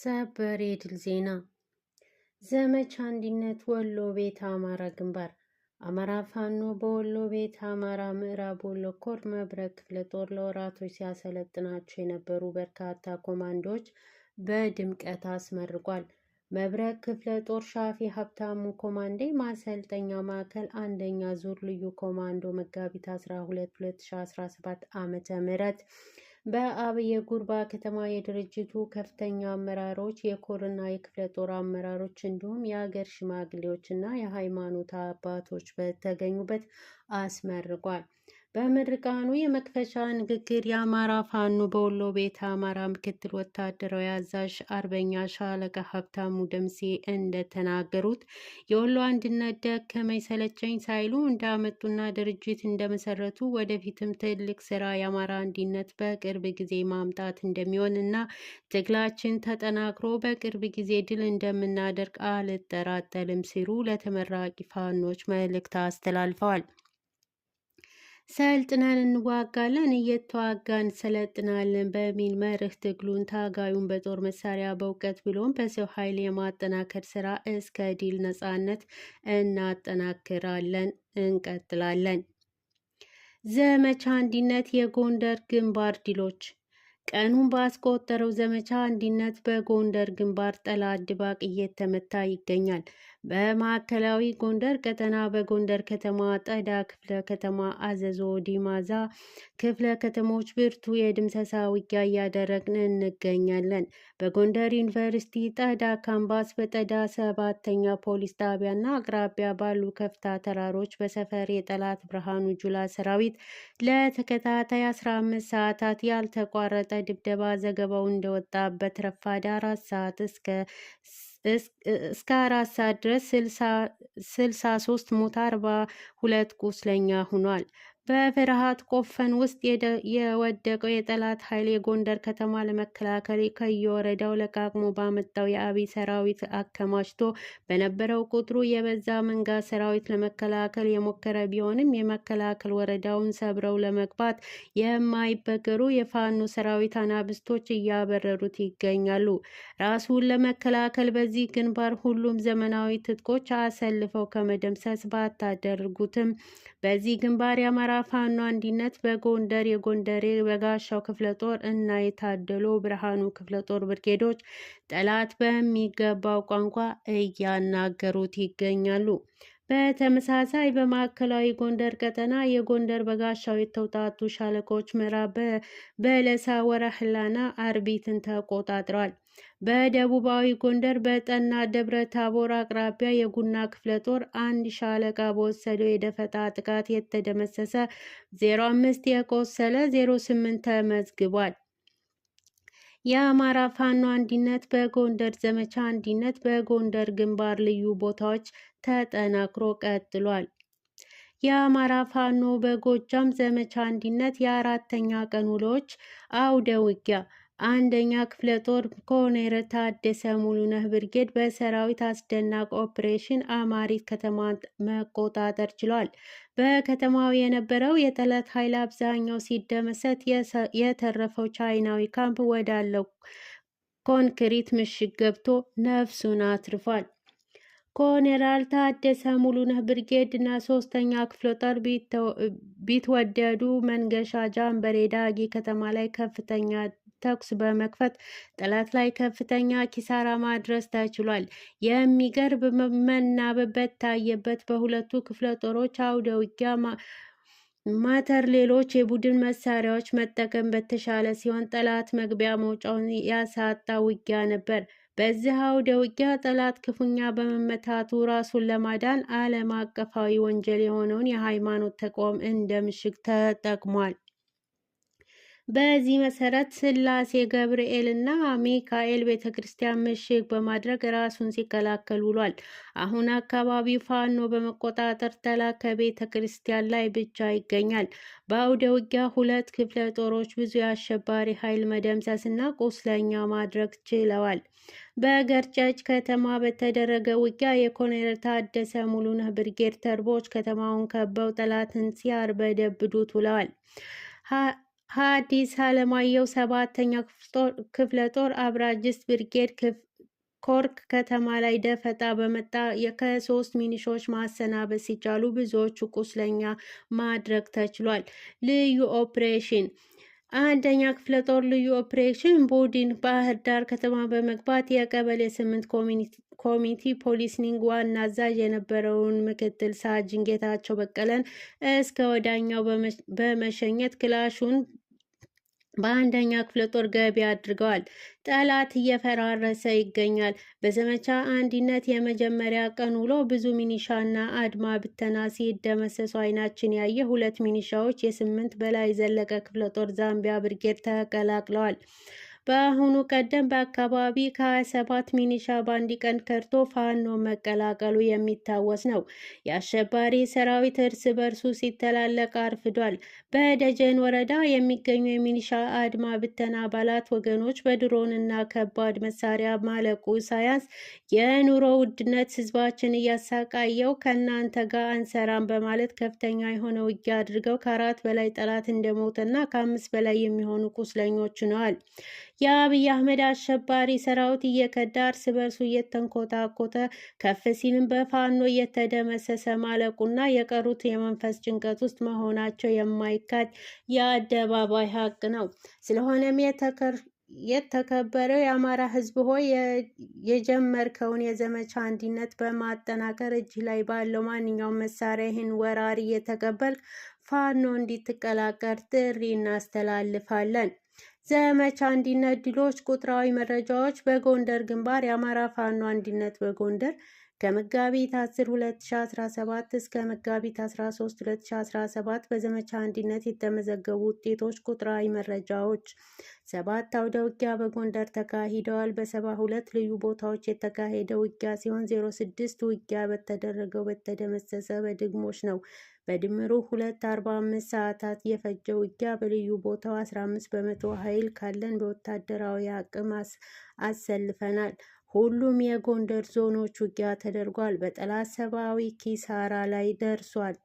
ሰበር የድል ዜና ዘመቻ አንድነት ወሎ ቤት አማራ ግንባር አማራ ፋኖ በወሎ ቤት አማራ ምዕራብ ወሎ ኮር መብረቅ ክፍለ ጦር ለወራቶች ሲያሰለጥናቸው የነበሩ በርካታ ኮማንዶዎች በድምቀት አስመርቋል። መብረቅ ክፍለ ጦር ሻፊ ሀብታሙ ኮማንዴ ማሰልጠኛ ማዕከል አንደኛ ዙር ልዩ ኮማንዶ መጋቢት 12 2017 ም በአብየ ጉርባ ከተማ የድርጅቱ ከፍተኛ አመራሮች፣ የኮርና የክፍለ ጦር አመራሮች እንዲሁም የሀገር ሽማግሌዎች እና የሃይማኖት አባቶች በተገኙበት አስመርቋል። በምርቃኑ የመክፈቻ ንግግር የአማራ ፋኖ በወሎ ቤተ አማራ ምክትል ወታደራዊ አዛዥ አርበኛ ሻለቃ ሀብታሙ ደምሴ እንደተናገሩት የወሎ አንድነት ደከመኝ ሰለቸኝ ሳይሉ እንዳመጡና ድርጅት እንደመሰረቱ ወደፊትም ትልቅ ስራ የአማራ አንድነት በቅርብ ጊዜ ማምጣት እንደሚሆን እና ትግላችን ተጠናክሮ በቅርብ ጊዜ ድል እንደምናደርግ አልጠራጠልም ሲሉ ለተመራቂ ፋኖች መልእክት አስተላልፈዋል። ሰልጥነን እንዋጋለን እየተዋጋን ሰለጥናለን በሚል መርህ ትግሉን ታጋዩን በጦር መሳሪያ በእውቀት ብሎም በሰው ኃይል የማጠናከር ስራ እስከ ድል ነጻነት እናጠናክራለን እንቀጥላለን። ዘመቻ አንድነት የጎንደር ግንባር ድሎች ቀኑን ባስቆጠረው ዘመቻ አንድነት በጎንደር ግንባር ጠላት ድባቅ እየተመታ ይገኛል። በማዕከላዊ ጎንደር ቀጠና በጎንደር ከተማ ጠዳ ክፍለ ከተማ፣ አዘዞ ዲማዛ ክፍለ ከተሞች ብርቱ የድምሰሳ ውጊያ እያደረግን እንገኛለን። በጎንደር ዩኒቨርሲቲ ጠዳ ካምባስ፣ በጠዳ ሰባተኛ ፖሊስ ጣቢያና አቅራቢያ ባሉ ከፍታ ተራሮች በሰፈር የጠላት ብርሃኑ ጁላ ሰራዊት ለተከታታይ 15 ሰዓታት ያልተቋረጠ ድብደባ ዘገባው እንደወጣበት ረፋድ አራት ሰዓት እስከ እስከ አራት ሰዓት ድረስ ስልሳ ሶስት ሞት አርባ ሁለት ቁስለኛ ሆኗል። በፍርሃት ቆፈን ውስጥ የወደቀው የጠላት ኃይል የጎንደር ከተማ ለመከላከል ከየወረዳው ለቃቅሞ ባመጣው የአብይ ሰራዊት አከማችቶ በነበረው ቁጥሩ የበዛ መንጋ ሰራዊት ለመከላከል የሞከረ ቢሆንም የመከላከል ወረዳውን ሰብረው ለመግባት የማይበገሩ የፋኖ ሰራዊት አናብስቶች እያበረሩት ይገኛሉ። ራሱን ለመከላከል በዚህ ግንባር ሁሉም ዘመናዊ ትጥቆች አሰልፈው ከመደምሰስ ባታደርጉትም በዚህ ግንባር የአማራ ፋኖ አንድነት በጎንደር የጎንደሬ በጋሻው ክፍለ ጦር እና የታደሎ ብርሃኑ ክፍለ ጦር ብርጌዶች ጠላት በሚገባው ቋንቋ እያናገሩት ይገኛሉ። በተመሳሳይ በማዕከላዊ ጎንደር ቀጠና የጎንደር በጋሻው የተውጣጡ ሻለቆች ምዕራብ በለሳ ወረህላና አርቢትን ተቆጣጥሯል። በደቡባዊ ጎንደር በጠና ደብረ ታቦር አቅራቢያ የጉና ክፍለ ጦር አንድ ሻለቃ በወሰደው የደፈጣ ጥቃት የተደመሰሰ 05 የቆሰለ 08 ተመዝግቧል። የአማራ ፋኖ አንድነት በጎንደር ዘመቻ አንድነት በጎንደር ግንባር ልዩ ቦታዎች ተጠናክሮ ቀጥሏል። የአማራ ፋኖ በጎጃም ዘመቻ አንድነት የአራተኛ ቀን ውሎች አውደ ውጊያ አንደኛ ክፍለ ጦር ኮሎኔል ታደሰ ሙሉነህ ብርጌድ በሰራዊት አስደናቂ ኦፕሬሽን አማሪት ከተማ መቆጣጠር ችሏል። በከተማው የነበረው የጠላት ኃይል አብዛኛው ሲደመሰት የተረፈው ቻይናዊ ካምፕ ወዳለው ኮንክሪት ምሽግ ገብቶ ነፍሱን አትርፏል። ኮሎኔል ታደሰ ሙሉነህ ብርጌድ እና ሶስተኛ ክፍለ ጦር ቢትወደዱ መንገሻ ጃምበሬ ዳጊ ከተማ ላይ ከፍተኛ ተኩስ በመክፈት ጠላት ላይ ከፍተኛ ኪሳራ ማድረስ ተችሏል። የሚገርብ መናበበት በታየበት በሁለቱ ክፍለ ጦሮች አውደ ውጊያ ማተር ሌሎች የቡድን መሳሪያዎች መጠቀም በተሻለ ሲሆን ጠላት መግቢያ መውጫውን ያሳጣ ውጊያ ነበር። በዚህ አውደ ውጊያ ጠላት ክፉኛ በመመታቱ ራሱን ለማዳን ዓለም አቀፋዊ ወንጀል የሆነውን የሃይማኖት ተቋም እንደ ምሽግ ተጠቅሟል። በዚህ መሰረት ስላሴ ገብርኤል እና ሚካኤል ቤተ ክርስቲያን ምሽግ በማድረግ ራሱን ሲከላከል ውሏል። አሁን አካባቢ ፋኖ በመቆጣጠር ተላ ከቤተ ክርስቲያን ላይ ብቻ ይገኛል። በአውደ ውጊያ ሁለት ክፍለ ጦሮች ብዙ የአሸባሪ ኃይል መደምሰስ እና ቁስለኛ ማድረግ ችለዋል። በገርጨጭ ከተማ በተደረገ ውጊያ የኮሎኔል ታደሰ ሙሉነህ ብርጌድ ተርቦች ከተማውን ከበው ጠላትን ሲያርበደብዱት ውለዋል። ሐዲስ ዓለማየሁ ሰባተኛ ክፍለ ጦር አብራጅስት ብርጌድ ኮርክ ከተማ ላይ ደፈጣ በመጣ ከሶስት ሚኒሾች ማሰናበት ሲቻሉ ብዙዎቹ ቁስለኛ ማድረግ ተችሏል። ልዩ ኦፕሬሽን አንደኛ ክፍለ ጦር ልዩ ኦፕሬሽን ቡድን ባህር ዳር ከተማ በመግባት የቀበሌ ስምንት ኮሚቲ ፖሊስኒንግ ዋና አዛዥ የነበረውን ምክትል ሳጅን ጌታቸው በቀለን እስከ ወዳኛው በመሸኘት ክላሹን በአንደኛ ክፍለ ጦር ገቢ አድርገዋል። ጠላት እየፈራረሰ ይገኛል። በዘመቻ አንድነት የመጀመሪያ ቀን ውሎ ብዙ ሚኒሻና አድማ ብተና ሲደመሰሱ አይናችን ያየ ሁለት ሚኒሻዎች የስምንት በላይ ዘለቀ ክፍለ ጦር ዛምቢያ ብርጌድ ተቀላቅለዋል። በአሁኑ ቀደም በአካባቢ ከ27 ሚኒሻ በአንድ ቀን ከድቶ ፋኖ መቀላቀሉ የሚታወስ ነው። የአሸባሪ ሰራዊት እርስ በርሱ ሲተላለቅ አርፍዷል። በደጀን ወረዳ የሚገኙ የሚኒሻ አድማ ብተና አባላት ወገኖች በድሮን እና ከባድ መሳሪያ ማለቁ ሳያንስ የኑሮ ውድነት ህዝባችን እያሳቃየው ከእናንተ ጋር አንሰራም በማለት ከፍተኛ የሆነ ውጊያ አድርገው ከአራት በላይ ጠላት እንደሞተና ከአምስት በላይ የሚሆኑ ቁስለኞች ነዋል። የአብይ አህመድ አሸባሪ ሰራዊት እየከዳ እርስ በርሱ እየተንኮታኮተ ከፍ ሲልም በፋኖ እየተደመሰሰ ማለቁና የቀሩት የመንፈስ ጭንቀት ውስጥ መሆናቸው የማይካድ የአደባባይ ሀቅ ነው። ስለሆነም የተከበረው የአማራ ሕዝብ ሆይ የጀመርከውን የዘመቻ አንድነት በማጠናከር እጅ ላይ ባለው ማንኛውም መሳሪያ ይህን ወራሪ እየተቀበል ፋኖ እንዲትቀላቀል ጥሪ እናስተላልፋለን። ዘመቻ አንድነት ድሎች ቁጥራዊ መረጃዎች በጎንደር ግንባር የአማራ ፋኖ አንድነት በጎንደር ከመጋቢት 10 2017 እስከ መጋቢት 13 2017 በዘመቻ አንድነት የተመዘገቡ ውጤቶች ቁጥራዊ መረጃዎች ሰባት አውደ ውጊያ በጎንደር ተካሂደዋል። በሰባ ሁለት ልዩ ቦታዎች የተካሄደ ውጊያ ሲሆን 06 ውጊያ በተደረገው በተደመሰሰ በድግሞች ነው። በድምሩ 245 ሰዓታት የፈጀ ውጊያ በልዩ ቦታው 15 በመቶ ኃይል ካለን በወታደራዊ አቅም አሰልፈናል። ሁሉም የጎንደር ዞኖች ውጊያ ተደርጓል። በጠላት ሰብአዊ ኪሳራ ላይ ደርሷል።